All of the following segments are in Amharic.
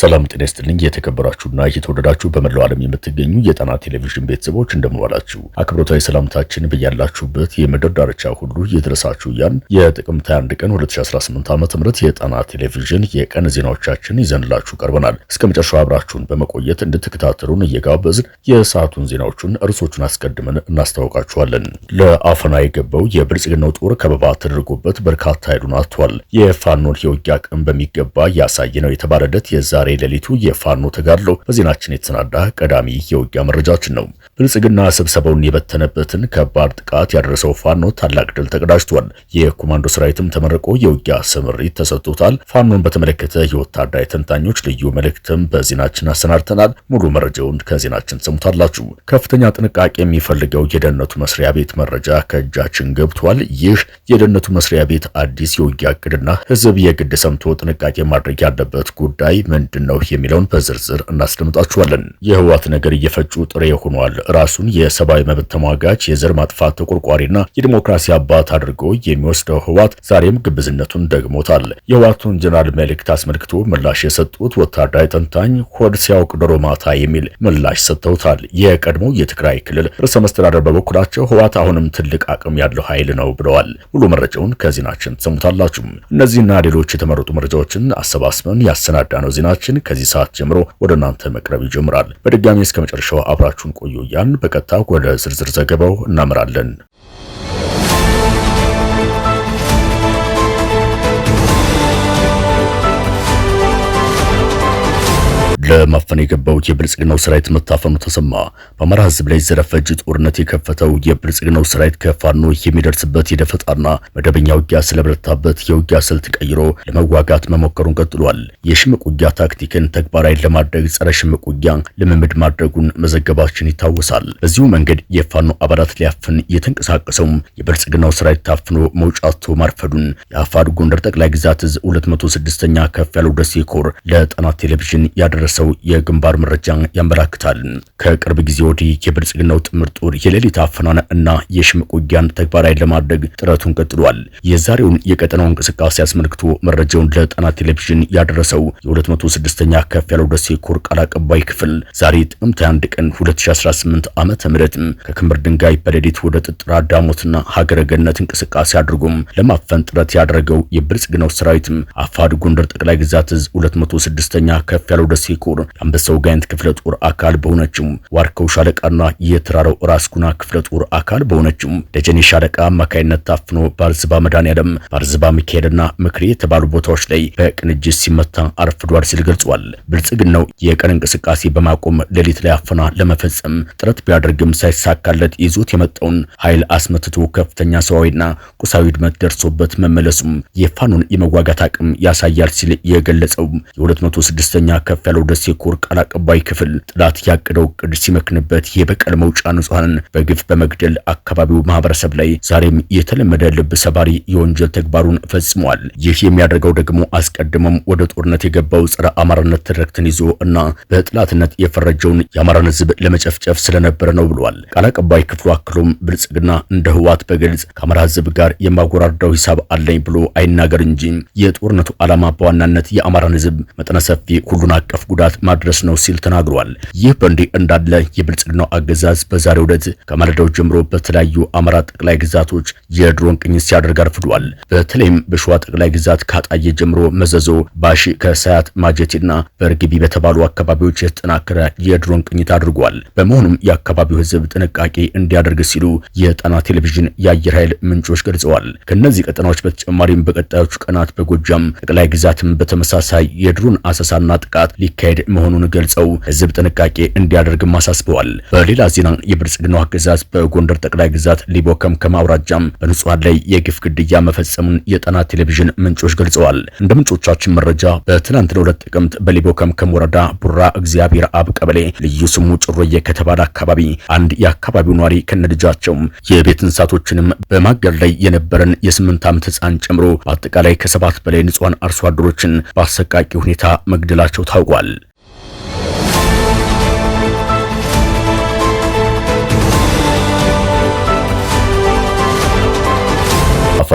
ሰላም ጤና ይስጥልኝ። የተከበራችሁና እየተወደዳችሁ በመላው ዓለም የምትገኙ የጣና ቴሌቪዥን ቤተሰቦች እንደምንዋላችሁ አክብሮታዊ ሰላምታችን በያላችሁበት የምድር ዳርቻ ሁሉ እየደረሳችሁ እያን የጥቅምት 21 ቀን 2018 ዓ ም የጣና ቴሌቪዥን የቀን ዜናዎቻችን ይዘንላችሁ ቀርበናል። እስከ መጨረሻው አብራችሁን በመቆየት እንድትከታተሉን እየጋበዝን የሰዓቱን ዜናዎቹን እርሶቹን አስቀድመን እናስታውቃችኋለን። ለአፈና የገባው የብልጽግናው ጦር ከበባ ተደርጎበት በርካታ ኃይሉን አጥቷል። የፋኖን የውጊያ አቅም በሚገባ ያሳየ ነው የተባለለት የዛ የዛሬ ሌሊቱ የፋኖ ተጋድሎ በዜናችን የተሰናዳ ቀዳሚ የውጊያ መረጃችን ነው። ብልጽግና ስብሰባውን የበተነበትን ከባድ ጥቃት ያደረሰው ፋኖ ታላቅ ድል ተቀዳጅቷል። የኮማንዶ ሰራዊትም ተመርቆ የውጊያ ስምሪት ተሰጥቶታል። ፋኖን በተመለከተ የወታደራዊ ተንታኞች ልዩ መልእክትም በዜናችን አሰናድተናል። ሙሉ መረጃውን ከዜናችን ሰሙታላችሁ። ከፍተኛ ጥንቃቄ የሚፈልገው የደህንነቱ መስሪያ ቤት መረጃ ከእጃችን ገብቷል። ይህ የደህንነቱ መስሪያ ቤት አዲስ የውጊያ እቅድና ህዝብ የግድ ሰምቶ ጥንቃቄ ማድረግ ያለበት ጉዳይ ምንድ ምንድን ነው የሚለውን በዝርዝር እናስደምጣችኋለን። የህወሓት ነገር እየፈጩ ጥሬ ሆኗል። ራሱን የሰብአዊ መብት ተሟጋች የዘር ማጥፋት ተቆርቋሪና የዲሞክራሲ አባት አድርጎ የሚወስደው ህወሓት ዛሬም ግብዝነቱን ደግሞታል። የህወሓቱን ጀነራል መልእክት አስመልክቶ ምላሽ የሰጡት ወታደራዊ ተንታኝ ሆድ ሲያውቅ ዶሮ ማታ የሚል ምላሽ ሰጥተውታል። የቀድሞ የትግራይ ክልል ርዕሰ መስተዳደር በበኩላቸው ህወሓት አሁንም ትልቅ አቅም ያለው ኃይል ነው ብለዋል። ሙሉ መረጃውን ከዜናችን ትሰሙታላችሁ። እነዚህና ሌሎች የተመረጡ መረጃዎችን አሰባስበን ያሰናዳ ነው ዜናችን መረጃዎችን ከዚህ ሰዓት ጀምሮ ወደ እናንተ መቅረብ ይጀምራል። በድጋሚ እስከ መጨረሻው አብራችሁን ቆዩ እያልን በቀጥታ ወደ ዝርዝር ዘገባው እናምራለን። ለማፈን የገባው የብልጽግናው ሰራዊት መታፈኑ ተሰማ። በአማራ ህዝብ ላይ ዘር ጦርነት የከፈተው የብልጽግናው ሰራዊት ከፋኖ የሚደርስበት የደፈጣና መደበኛ ውጊያ ስለበረታበት የውጊያ ስልት ቀይሮ ለመዋጋት መሞከሩን ቀጥሏል። የሽምቅ ውጊያ ታክቲክን ተግባራዊ ለማድረግ ጸረ ሽምቅ ውጊያ ልምምድ ማድረጉን መዘገባችን ይታወሳል። በዚሁ መንገድ የፋኖ አባላት ሊያፍን የተንቀሳቀሰውም የብልጽግናው ሰራዊት ታፍኖ መውጫቶ ማርፈዱን የአፋድ ጎንደር ጠቅላይ ግዛት እዝ 206ኛ ከፍ ያለው ደሴ ኮር ለጣና ቴሌቪዥን ያደረሰ የደረሰው የግንባር መረጃ ያመላክታል። ከቅርብ ጊዜ ወዲህ የብልጽግናው ጥምር ጦር የሌሊት አፈናን እና የሽምቅ ውጊያን ተግባራዊ ለማድረግ ጥረቱን ቀጥሏል። የዛሬውን የቀጠናው እንቅስቃሴ አስመልክቶ መረጃውን ለጣና ቴሌቪዥን ያደረሰው የ206ኛ ከፍ ያለው ደሴ ኮር ቃል አቀባይ ክፍል ዛሬ ጥቅምት 1 ቀን 2018 ዓመተ ምህረት ከክምር ድንጋይ በሌሊት ወደ ጥጥራ ዳሞትና ሀገረ ገነት እንቅስቃሴ አድርጎም ለማፈን ጥረት ያደረገው የብልጽግናው ሰራዊት አፋድ ጎንደር ጠቅላይ ግዛት እዝ 206ኛ ከፍ ያለው ደሴ ኮር የአንበሳው ጋይንት ክፍለ ጦር አካል በሆነችው ዋርከው ሻለቃና የተራራው ራስ ጉና ክፍለ ጦር አካል በሆነችው ደጀኔ ሻለቃ አማካይነት ታፍኖ ባርዝባ መድኃኔዓለም፣ ባርዝባ ሚካኤልና ምክሬ የተባሉ ቦታዎች ላይ በቅንጅት ሲመታ አርፍዷል ሲል ገልጿል። ብልጽግናው የቀን እንቅስቃሴ በማቆም ሌሊት ላይ አፈና ለመፈጸም ጥረት ቢያደርግም ሳይሳካለት ይዞት የመጣውን ኃይል አስመትቶ ከፍተኛ ሰዋዊና ቁሳዊ ውድመት ደርሶበት መመለሱም የፋኖን የመዋጋት አቅም ያሳያል ሲል የገለጸው የ206ኛ ከፍ ያለው ድረስ ኮር ቃል አቀባይ ክፍል ጥላት ያቀደው እቅድ ሲመክንበት የበቀል መውጫ ንጹሐንን በግፍ በመግደል አካባቢው ማህበረሰብ ላይ ዛሬም የተለመደ ልብ ሰባሪ የወንጀል ተግባሩን ፈጽሟል። ይህ የሚያደርገው ደግሞ አስቀድሞም ወደ ጦርነት የገባው ጸረ አማራነት ትርክትን ይዞ እና በጥላትነት የፈረጀውን የአማራን ህዝብ ለመጨፍጨፍ ስለነበረ ነው ብሏል። ቃል አቀባይ ክፍሉ አክሎም ብልጽግና እንደ ህዋት በግልጽ ከአማራ ህዝብ ጋር የማጎራርዳው ሂሳብ አለኝ ብሎ አይናገር እንጂ የጦርነቱ ዓላማ በዋናነት የአማራን ህዝብ መጠነ ሰፊ ሁሉን አቀፍ ጉዳት ጉዳት ማድረስ ነው ሲል ተናግሯል። ይህ በእንዲህ እንዳለ የብልጽግናው አገዛዝ በዛሬው ዕለት ከማለዳው ጀምሮ በተለያዩ አማራ ጠቅላይ ግዛቶች የድሮን ቅኝት ሲያደርግ አርፍዷል። በተለይም በሸዋ ጠቅላይ ግዛት ካጣየ ጀምሮ መዘዞ፣ ባሺ፣ ከሳያት ማጀቴና በርግቢ በተባሉ አካባቢዎች የተጠናከረ የድሮን ቅኝት አድርጓል። በመሆኑም የአካባቢው ህዝብ ጥንቃቄ እንዲያደርግ ሲሉ የጣና ቴሌቪዥን የአየር ኃይል ምንጮች ገልጸዋል። ከእነዚህ ቀጠናዎች በተጨማሪም በቀጣዮቹ ቀናት በጎጃም ጠቅላይ ግዛትም በተመሳሳይ የድሮን አሰሳና ጥቃት ሊካሄድ የሚካሄድ መሆኑን ገልጸው ህዝብ ጥንቃቄ እንዲያደርግም አሳስበዋል። በሌላ ዜና የብልጽግናው አገዛዝ በጎንደር ጠቅላይ ግዛት ሊቦ ከምከም አውራጃም በንጹሐን ላይ የግፍ ግድያ መፈጸሙን የጣና ቴሌቪዥን ምንጮች ገልጸዋል። እንደ ምንጮቻችን መረጃ በትናንት ለሁለት ጥቅምት በሊቦ ከምከም ወረዳ ቡራ እግዚአብሔር አብ ቀበሌ ልዩ ስሙ ጭሮየ ከተባለ አካባቢ አንድ የአካባቢው ኗሪ ከነልጃቸው የቤት እንስሳቶችንም በማገድ ላይ የነበረን የስምንት ዓመት ህፃን ጨምሮ በአጠቃላይ ከሰባት በላይ ንጹሐን አርሶ አደሮችን በአሰቃቂ ሁኔታ መግደላቸው ታውቋል።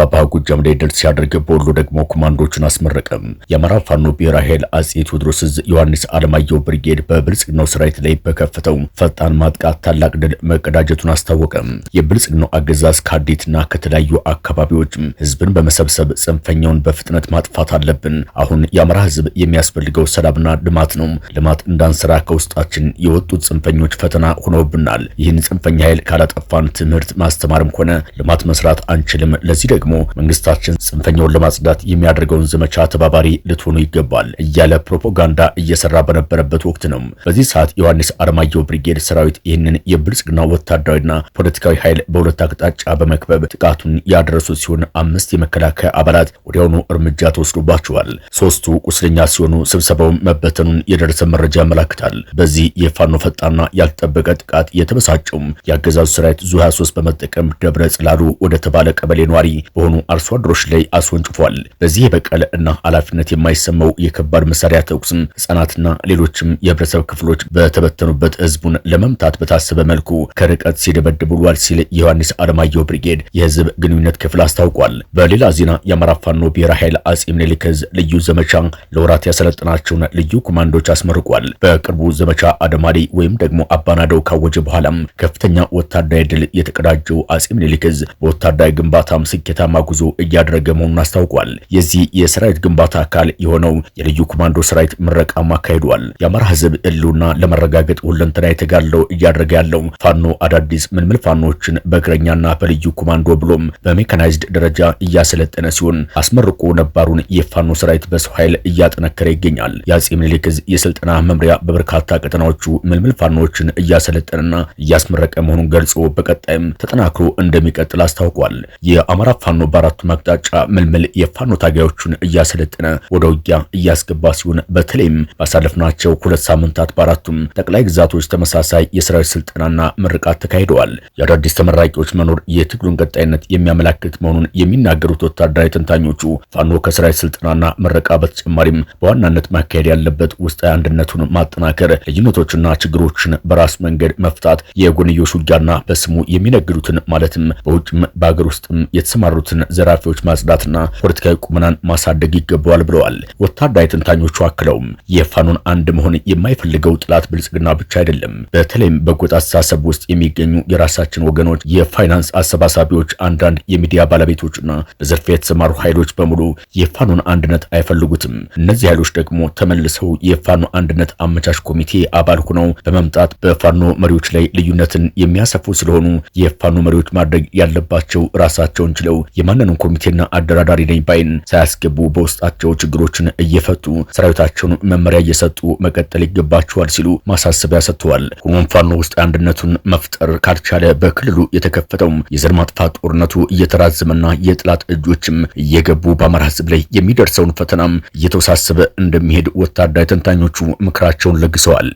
አፋ ጎጃም ላይ ድል ሲያደርግ በወሎ ደግሞ ኮማንዶቹን አስመረቀም። የአማራ ፋኖ ብሔራዊ ኃይል አጼ ቴዎድሮስ ዮሐንስ አለማየሁ ብርጌድ በብልጽግናው ሰራዊት ላይ በከፈተው ፈጣን ማጥቃት ታላቅ ድል መቀዳጀቱን አስታወቀም። የብልጽግናው አገዛዝ ከአዴትና ከተለያዩ አካባቢዎች ህዝብን በመሰብሰብ ጽንፈኛውን በፍጥነት ማጥፋት አለብን። አሁን የአማራ ህዝብ የሚያስፈልገው ሰላምና ልማት ነው። ልማት እንዳንሰራ ከውስጣችን የወጡት ጽንፈኞች ፈተና ሆነውብናል። ይህን ጽንፈኛ ኃይል ካላጠፋን ትምህርት ማስተማርም ሆነ ልማት መስራት አንችልም። ለዚህ ደግሞ መንግስታችን ጽንፈኛውን ለማጽዳት የሚያደርገውን ዘመቻ ተባባሪ ልትሆኑ ይገባል እያለ ፕሮፓጋንዳ እየሰራ በነበረበት ወቅት ነው። በዚህ ሰዓት ዮሐንስ አርማየው ብሪጌድ ሰራዊት ይህንን የብልጽግና ወታደራዊና ፖለቲካዊ ኃይል በሁለት አቅጣጫ በመክበብ ጥቃቱን ያደረሱ ሲሆን አምስት የመከላከያ አባላት ወዲያውኑ እርምጃ ተወስዶባቸዋል። ሶስቱ ቁስለኛ ሲሆኑ ስብሰባውን መበተኑን የደረሰ መረጃ ያመላክታል። በዚህ የፋኖ ፈጣንና ያልተጠበቀ ጥቃት የተበሳጨውም የአገዛዙ ሰራዊት ዙ 23 በመጠቀም ደብረ ጽላሉ ወደ ተባለ ቀበሌ ነዋሪ በሆኑ አርሶ አደሮች ላይ አስወንጭፏል። በዚህ የበቀል እና ኃላፊነት የማይሰማው የከባድ መሳሪያ ተኩስም ህጻናትና ሌሎችም የህብረተሰብ ክፍሎች በተበተኑበት ህዝቡን ለመምታት በታሰበ መልኩ ከርቀት ሲደበድብ ውሏል ሲል የዮሐንስ አለማየሁ ብሪጌድ የህዝብ ግንኙነት ክፍል አስታውቋል። በሌላ ዜና የአማራ ፋኖ ብሔራዊ ኃይል አጼ ምኒልክ ልዩ ዘመቻ ለወራት ያሰለጠናቸውን ልዩ ኮማንዶች አስመርቋል። በቅርቡ ዘመቻ አደማሪ ወይም ደግሞ አባናደው ካወጀ በኋላም ከፍተኛ ወታደራዊ ድል የተቀዳጀው አጼ ምኒልክ ዕዝ በወታደራዊ ግንባታም ስኬታ ውጤታማ ጉዞ እያደረገ መሆኑን አስታውቋል። የዚህ የሰራዊት ግንባታ አካል የሆነው የልዩ ኮማንዶ ሰራዊት ምረቃ አካሂዷል። የአማራ ህዝብ ህልውና ለመረጋገጥ ሁለንተናዊ የተጋለው እያደረገ ያለው ፋኖ አዳዲስ ምልምል ፋኖዎችን በእግረኛና በልዩ ኮማንዶ ብሎም በሜካናይዝድ ደረጃ እያሰለጠነ ሲሆን አስመርቆ ነባሩን የፋኖ ሰራዊት በሰው ኃይል እያጠነከረ ይገኛል። የአጼ ምኒልክ የስልጠና መምሪያ በበርካታ ቀጠናዎቹ ምልምል ፋኖዎችን እያሰለጠነና እያስመረቀ መሆኑን ገልጾ በቀጣይም ተጠናክሮ እንደሚቀጥል አስታውቋል። የአማራ ፋኖ በአራቱም አቅጣጫ ምልምል የፋኖ ታጋዮቹን እያሰለጠነ ወደ ውጊያ እያስገባ ሲሆን በተለይም ባሳለፍናቸው ሁለት ሳምንታት በአራቱም ጠቅላይ ግዛቶች ተመሳሳይ የሰራዊት ስልጠናና ምርቃት ተካሂደዋል። የአዳዲስ ተመራቂዎች መኖር የትግሉን ቀጣይነት የሚያመላክት መሆኑን የሚናገሩት ወታደራዊ ተንታኞቹ ፋኖ ከሰራዊት ስልጠናና ምርቃ በተጨማሪም በዋናነት ማካሄድ ያለበት ውስጣዊ አንድነቱን ማጠናከር፣ ልዩነቶችና ችግሮችን በራሱ መንገድ መፍታት፣ የጎንዮሽ ውጊያና በስሙ የሚነግዱትን ማለትም በውጭም በአገር ውስጥም የተሰማሩ ያሉትን ዘራፊዎች ማጽዳትና ፖለቲካዊ ቁመናን ማሳደግ ይገባዋል ብለዋል። ወታደራዊ ተንታኞቹ አክለውም የፋኖን አንድ መሆን የማይፈልገው ጥላት ብልጽግና ብቻ አይደለም። በተለይም በጎጥ አስተሳሰብ ውስጥ የሚገኙ የራሳችን ወገኖች፣ የፋይናንስ አሰባሳቢዎች፣ አንዳንድ የሚዲያ ባለቤቶችና በዘርፍ የተሰማሩ ኃይሎች በሙሉ የፋኖን አንድነት አይፈልጉትም። እነዚህ ኃይሎች ደግሞ ተመልሰው የፋኖ አንድነት አመቻች ኮሚቴ አባል ሆነው በመምጣት በፋኖ መሪዎች ላይ ልዩነትን የሚያሰፉ ስለሆኑ የፋኖ መሪዎች ማድረግ ያለባቸው ራሳቸውን ችለው የማንንም ኮሚቴና አደራዳሪ ነኝ ባይን ሳያስገቡ በውስጣቸው ችግሮችን እየፈቱ ሰራዊታቸውን መመሪያ እየሰጡ መቀጠል ይገባቸዋል ሲሉ ማሳሰቢያ ሰጥተዋል። ሆኖም ፋኖ ውስጥ አንድነቱን መፍጠር ካልቻለ በክልሉ የተከፈተው የዘር ማጥፋት ጦርነቱ እየተራዘመና የጥላት እጆችም እየገቡ በአማራ ሕዝብ ላይ የሚደርሰውን ፈተናም እየተወሳሰበ እንደሚሄድ ወታደራዊ ተንታኞቹ ምክራቸውን ለግሰዋል።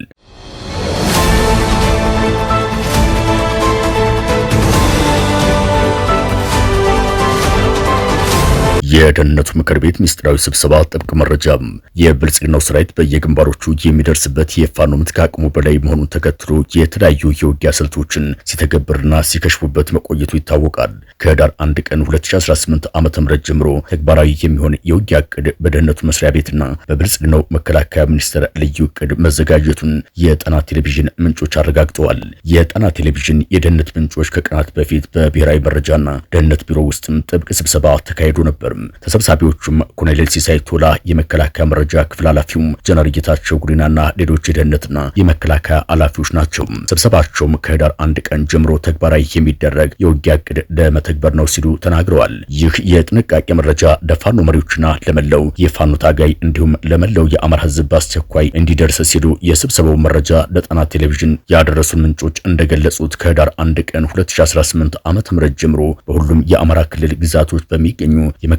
የደህንነቱ ምክር ቤት ሚስጥራዊ ስብሰባ ጥብቅ መረጃ። የብልጽግናው ሰራዊት በየግንባሮቹ የሚደርስበት የፋኖ ምት ከአቅሙ በላይ መሆኑን ተከትሎ የተለያዩ የውጊያ ስልቶችን ሲተገብርና ሲከሽፉበት መቆየቱ ይታወቃል። ከህዳር 1 ቀን 2018 ዓ.ም ጀምሮ ተግባራዊ የሚሆን የውጊያ እቅድ በደህንነቱ መስሪያ ቤትና በብልጽግናው መከላከያ ሚኒስቴር ልዩ እቅድ መዘጋጀቱን የጣና ቴሌቪዥን ምንጮች አረጋግጠዋል። የጣና ቴሌቪዥን የደህንነት ምንጮች ከቀናት በፊት በብሔራዊ መረጃና ደህንነት ቢሮ ውስጥም ጥብቅ ስብሰባ ተካሂዶ ነበር። ተሰብሳቢዎቹም ኮሎኔል ሲሳይ ቶላ የመከላከያ መረጃ ክፍል ኃላፊውም ጀነራል ጌታቸው ጉዲናና ሌሎች የደህንነትና የመከላከያ ኃላፊዎች ናቸው። ስብሰባቸውም ከህዳር አንድ ቀን ጀምሮ ተግባራዊ የሚደረግ የውጊያ እቅድ ለመተግበር ነው ሲሉ ተናግረዋል። ይህ የጥንቃቄ መረጃ ለፋኖ መሪዎችና ለመለው የፋኖ ታጋይ እንዲሁም ለመለው የአማራ ህዝብ በአስቸኳይ እንዲደርስ ሲሉ የስብሰባው መረጃ ለጣና ቴሌቪዥን ያደረሱን ምንጮች እንደገለጹት ከህዳር አንድ ቀን 2018 ዓ.ም ጀምሮ በሁሉም የአማራ ክልል ግዛቶች በሚገኙ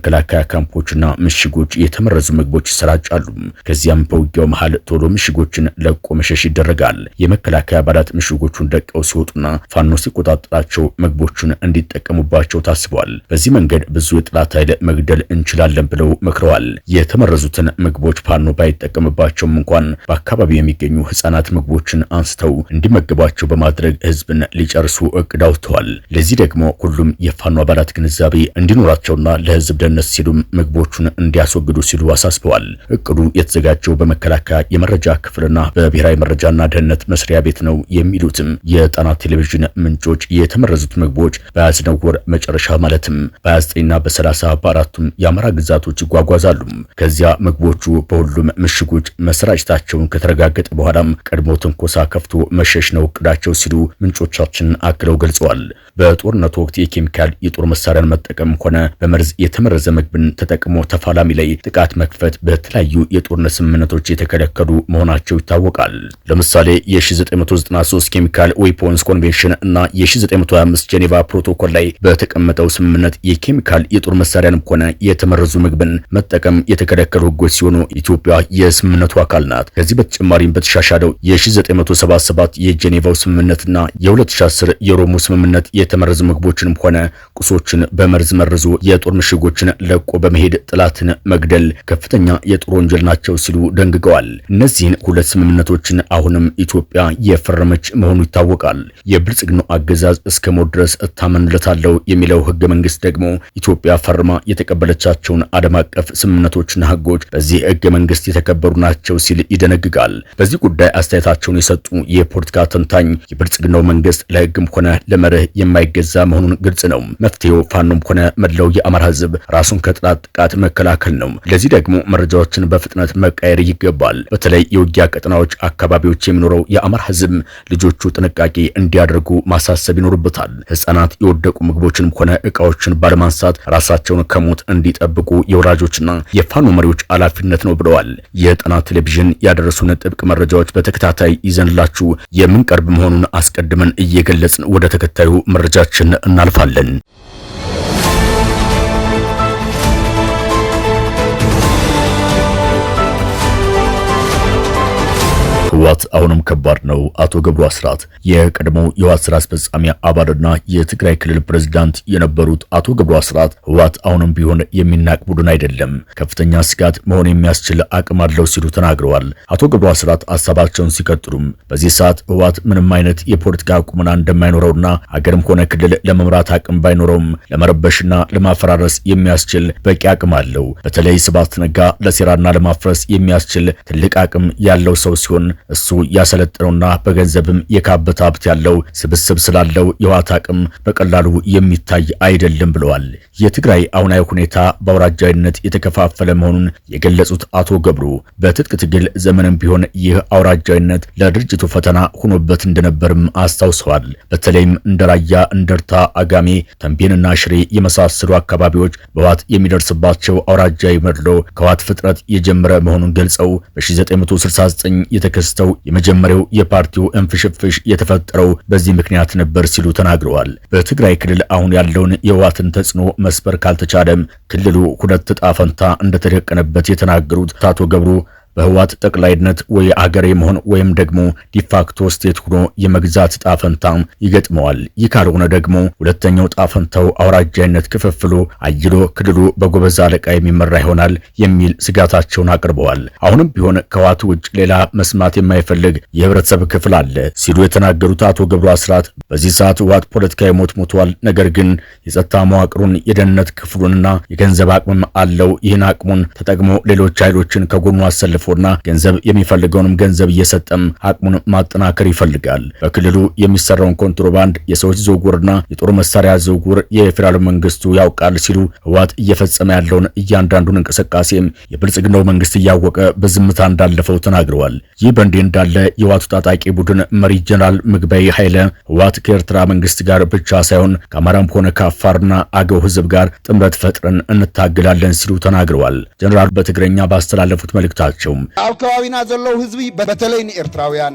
መከላከያ ካምፖችና ምሽጎች የተመረዙ ምግቦች ይሰራጫሉ። ከዚያም በውጊያው መሃል ቶሎ ምሽጎችን ለቆ መሸሽ ይደረጋል። የመከላከያ አባላት ምሽጎቹን ደቀው ሲወጡና ፋኖ ሲቆጣጠራቸው ምግቦቹን እንዲጠቀሙባቸው ታስቧል። በዚህ መንገድ ብዙ የጥላት ኃይል መግደል እንችላለን ብለው መክረዋል። የተመረዙትን ምግቦች ፋኖ ባይጠቀምባቸውም እንኳን በአካባቢው የሚገኙ ህጻናት ምግቦችን አንስተው እንዲመገቧቸው በማድረግ ህዝብን ሊጨርሱ እቅድ አውጥተዋል። ለዚህ ደግሞ ሁሉም የፋኖ አባላት ግንዛቤ እንዲኖራቸውና ለህዝብ ደን ለደህንነት ሲሉም ምግቦቹን እንዲያስወግዱ ሲሉ አሳስበዋል። እቅዱ የተዘጋጀው በመከላከያ የመረጃ ክፍልና በብሔራዊ መረጃና ደህንነት መስሪያ ቤት ነው የሚሉትም የጣና ቴሌቪዥን ምንጮች የተመረዙት ምግቦች በያዝነው ወር መጨረሻ ማለትም በ29ና በ 34 በአራቱም የአማራ ግዛቶች ይጓጓዛሉ። ከዚያ ምግቦቹ በሁሉም ምሽጎች መሰራጨታቸውን ከተረጋገጠ በኋላም ቀድሞ ትንኮሳ ከፍቶ መሸሽ ነው እቅዳቸው ሲሉ ምንጮቻችን አክለው ገልጸዋል። በጦርነቱ ወቅት የኬሚካል የጦር መሳሪያን መጠቀም ሆነ በመርዝ የተመረዘ የተመረዘ ምግብን ተጠቅሞ ተፋላሚ ላይ ጥቃት መክፈት በተለያዩ የጦርነት ስምምነቶች የተከለከሉ መሆናቸው ይታወቃል። ለምሳሌ የ1993 ኬሚካል ዌፖንስ ኮንቬንሽን እና የ1925 ጄኔቫ ፕሮቶኮል ላይ በተቀመጠው ስምምነት የኬሚካል የጦር መሳሪያንም ሆነ የተመረዙ ምግብን መጠቀም የተከለከሉ ህጎች ሲሆኑ ኢትዮጵያ የስምምነቱ አካል ናት። ከዚህ በተጨማሪም በተሻሻለው የ1977 የጄኔቫው ስምምነትና የ2010 የሮሙ ስምምነት የተመረዙ ምግቦችንም ሆነ ቁሶችን በመርዝ መርዞ የጦር ምሽጎችን ለቆ በመሄድ ጥላትን መግደል ከፍተኛ የጦር ወንጀል ናቸው ሲሉ ደንግገዋል። እነዚህን ሁለት ስምምነቶችን አሁንም ኢትዮጵያ የፈረመች መሆኑ ይታወቃል። የብልጽግናው አገዛዝ እስከ ሞት ድረስ እታመንለታለሁ የሚለው ህገ መንግስት ደግሞ ኢትዮጵያ ፈርማ የተቀበለቻቸውን ዓለም አቀፍ ስምምነቶችና ህጎች በዚህ ህገ መንግስት የተከበሩ ናቸው ሲል ይደነግጋል። በዚህ ጉዳይ አስተያየታቸውን የሰጡ የፖለቲካ ተንታኝ የብልጽግናው መንግስት ለህግም ሆነ ለመርህ የማይገዛ መሆኑን ግልጽ ነው። መፍትሄው ፋኖም ሆነ መላው የአማራ ህዝብ ራሱን ከጠላት ጥቃት መከላከል ነው። ለዚህ ደግሞ መረጃዎችን በፍጥነት መቀየር ይገባል። በተለይ የውጊያ ቀጠናዎች አካባቢዎች የሚኖረው የአማራ ህዝብ ልጆቹ ጥንቃቄ እንዲያደርጉ ማሳሰብ ይኖርበታል። ህጻናት የወደቁ ምግቦችንም ሆነ እቃዎችን ባለማንሳት ራሳቸውን ከሞት እንዲጠብቁ የወላጆችና የፋኖ መሪዎች ኃላፊነት ነው ብለዋል። የጣና ቴሌቪዥን ያደረሱን ጥብቅ መረጃዎች በተከታታይ ይዘንላችሁ የምንቀርብ መሆኑን አስቀድመን እየገለጽን ወደ ተከታዩ መረጃችን እናልፋለን። ህወሓት አሁንም ከባድ ነው። አቶ ገብሩ አስራት የቀድሞ የህወሓት ስራ አስፈጻሚ አባልና የትግራይ ክልል ፕሬዝዳንት የነበሩት አቶ ገብሩ አስራት ህወሓት አሁንም ቢሆን የሚናቅ ቡድን አይደለም፣ ከፍተኛ ስጋት መሆን የሚያስችል አቅም አለው ሲሉ ተናግረዋል። አቶ ገብሩ አስራት ሀሳባቸውን ሲቀጥሉም በዚህ ሰዓት ህወሓት ምንም አይነት የፖለቲካ ቁመና እንደማይኖረውና አገርም ሆነ ክልል ለመምራት አቅም ባይኖረውም ለመረበሽና ለማፈራረስ የሚያስችል በቂ አቅም አለው። በተለይ ስብሃት ነጋ ለሴራና ለማፍረስ የሚያስችል ትልቅ አቅም ያለው ሰው ሲሆን እሱ ያሰለጠነውና በገንዘብም የካበት ሀብት ያለው ስብስብ ስላለው የህወሓት አቅም በቀላሉ የሚታይ አይደለም ብለዋል። የትግራይ አሁናዊ ሁኔታ በአውራጃዊነት የተከፋፈለ መሆኑን የገለጹት አቶ ገብሩ በትጥቅ ትግል ዘመንም ቢሆን ይህ አውራጃዊነት ለድርጅቱ ፈተና ሆኖበት እንደነበርም አስታውሰዋል። በተለይም እንደ ራያ፣ እንደርታ፣ አጋሜ፣ ተንቤንና ሽሬ የመሳሰሉ አካባቢዎች በህወሓት የሚደርስባቸው አውራጃዊ መድሎ ከህወሓት ፍጥረት የጀመረ መሆኑን ገልጸው በ1969 የተከሰ ተነስተው የመጀመሪያው የፓርቲው እንፍሽፍሽ የተፈጠረው በዚህ ምክንያት ነበር ሲሉ ተናግረዋል። በትግራይ ክልል አሁን ያለውን የህወሓትን ተጽዕኖ መስበር ካልተቻለም ክልሉ ሁለት ጣፈንታ ፈንታ እንደተደቀነበት የተናገሩት አቶ ገብሩ በህዋት ጠቅላይነት ወይ አገር የመሆን ወይም ደግሞ ዲፋክቶ ስቴት ሆኖ የመግዛት ጣፈንታም ይገጥመዋል። ይህ ካልሆነ ደግሞ ሁለተኛው ጣፈንታው አውራጃይነት ክፍፍሉ አይሎ ክልሉ በጎበዝ አለቃ የሚመራ ይሆናል የሚል ስጋታቸውን አቅርበዋል። አሁንም ቢሆን ከህዋት ውጭ ሌላ መስማት የማይፈልግ የህብረተሰብ ክፍል አለ ሲሉ የተናገሩት አቶ ገብሩ አስራት በዚህ ሰዓት ህዋት ፖለቲካዊ ሞት ሞቷል። ነገር ግን የጸጥታ መዋቅሩን የደህንነት ክፍሉንና የገንዘብ አቅምም አለው። ይህን አቅሙን ተጠቅሞ ሌሎች ኃይሎችን ከጎኑ አሰልፈ ተሳትፎና ገንዘብ የሚፈልገውንም ገንዘብ እየሰጠም አቅሙን ማጠናከር ይፈልጋል። በክልሉ የሚሰራውን ኮንትሮባንድ፣ የሰዎች ዝውውርና የጦር መሳሪያ ዝውውር የፌዴራል መንግስቱ ያውቃል ሲሉ ህወሓት እየፈጸመ ያለውን እያንዳንዱን እንቅስቃሴም የብልጽግናው መንግስት እያወቀ በዝምታ እንዳለፈው ተናግረዋል። ይህ በእንዲህ እንዳለ የህወሓቱ ታጣቂ ቡድን መሪ ጀነራል ምግበይ ኃይለ ህወሓት ከኤርትራ መንግስት ጋር ብቻ ሳይሆን ከአማራም ሆነ ከአፋርና አገው ህዝብ ጋር ጥምረት ፈጥረን እንታግላለን ሲሉ ተናግረዋል። ጀነራሉ በትግረኛ ባስተላለፉት መልእክታቸው ኣለዎም ኣብ ከባቢና ዘለዉ ህዝቢ በተለይ ንኤርትራውያን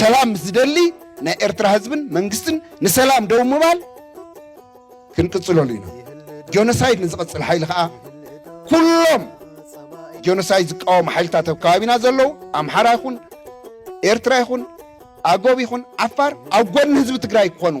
ሰላም ዝደሊ ናይ ኤርትራ ህዝብን መንግስትን ንሰላም ደው ምባል ክንቅፅለሉ ኢና። ጆኖሳይድ ንዝቐፅል ሓይሊ ከዓ ኩሎም ጆኖሳይድ ዝቃወሙ ሓይልታት ኣብ ከባቢና ዘለዉ ኣምሓራ ይኹን ኤርትራ ይኹን ኣጎብ ይኹን ዓፋር ኣብ ጎኒ ህዝቢ ትግራይ ክኾኑ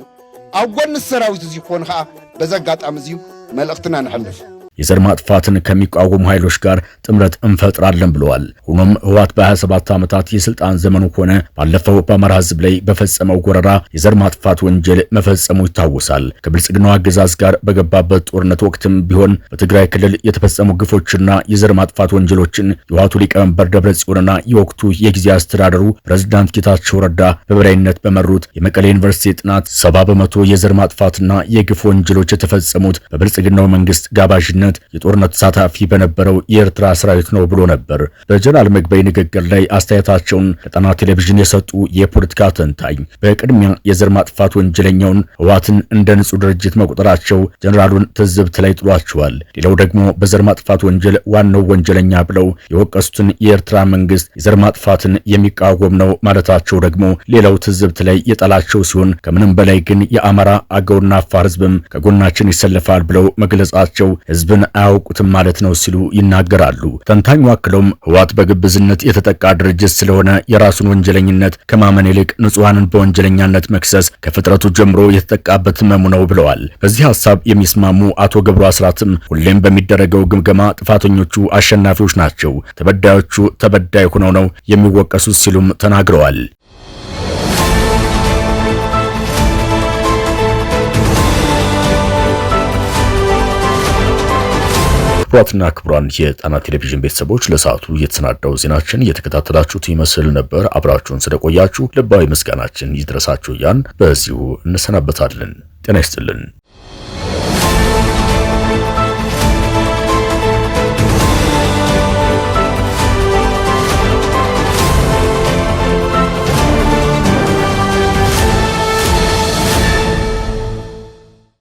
ኣብ ጎኒ ሰራዊት እዙ ክኾኑ ከዓ በዚ ኣጋጣሚ እዚዩ መልእኽትና ንሕልፍ የዘር ማጥፋትን ከሚቃወሙ ኃይሎች ጋር ጥምረት እንፈጥራለን ብለዋል። ሆኖም ህወሓት በ27 ዓመታት የስልጣን ዘመኑ ሆነ ባለፈው በአማራ ህዝብ ላይ በፈጸመው ወረራ የዘር ማጥፋት ወንጀል መፈጸሙ ይታወሳል። ከብልጽግናው አገዛዝ ጋር በገባበት ጦርነት ወቅትም ቢሆን በትግራይ ክልል የተፈጸሙ ግፎችና የዘር ማጥፋት ወንጀሎችን የህወሓቱ ሊቀመንበር ደብረ ጽዮንና የወቅቱ የጊዜ አስተዳደሩ ፕሬዝዳንት ጌታቸው ረዳ በበላይነት በመሩት የመቀሌ ዩኒቨርሲቲ ጥናት ሰባ በመቶ የዘር ማጥፋትና የግፍ ወንጀሎች የተፈጸሙት በብልጽግናው መንግስት ጋባዥነት ምክንያት የጦርነት ተሳታፊ በነበረው የኤርትራ ሰራዊት ነው ብሎ ነበር። በጀነራል መግበይ ንግግር ላይ አስተያየታቸውን ለጣና ቴሌቪዥን የሰጡ የፖለቲካ ተንታኝ በቅድሚያ የዘር ማጥፋት ወንጀለኛውን ህዋትን እንደ ንጹህ ድርጅት መቁጠራቸው ጀነራሉን ትዝብት ላይ ጥሏቸዋል። ሌላው ደግሞ በዘር ማጥፋት ወንጀል ዋናው ወንጀለኛ ብለው የወቀሱትን የኤርትራ መንግስት የዘር ማጥፋትን የሚቃወም ነው ማለታቸው ደግሞ ሌላው ትዝብት ላይ የጣላቸው ሲሆን ከምንም በላይ ግን የአማራ አገውና አፋር ህዝብም ከጎናችን ይሰለፋል ብለው መግለጻቸው ህዝብን ግን አያውቁትም ማለት ነው ሲሉ ይናገራሉ። ተንታኙ አክለውም ህወሓት በግብዝነት የተጠቃ ድርጅት ስለሆነ የራሱን ወንጀለኝነት ከማመን ይልቅ ንጹሐንን በወንጀለኛነት መክሰስ ከፍጥረቱ ጀምሮ የተጠቃበት ህመሙ ነው ብለዋል። በዚህ ሀሳብ የሚስማሙ አቶ ገብሩ አስራትም ሁሌም በሚደረገው ግምገማ ጥፋተኞቹ አሸናፊዎች ናቸው፣ ተበዳዮቹ ተበዳይ ሆነው ነው የሚወቀሱት ሲሉም ተናግረዋል። ክቡራትና ክቡራን የጣና ቴሌቪዥን ቤተሰቦች ለሰዓቱ የተሰናዳው ዜናችን እየተከታተላችሁት ይመስል ነበር። አብራችሁን ስለቆያችሁ ልባዊ ምስጋናችን ይድረሳችሁ እያን በዚሁ እንሰናበታለን። ጤና ይስጥልን።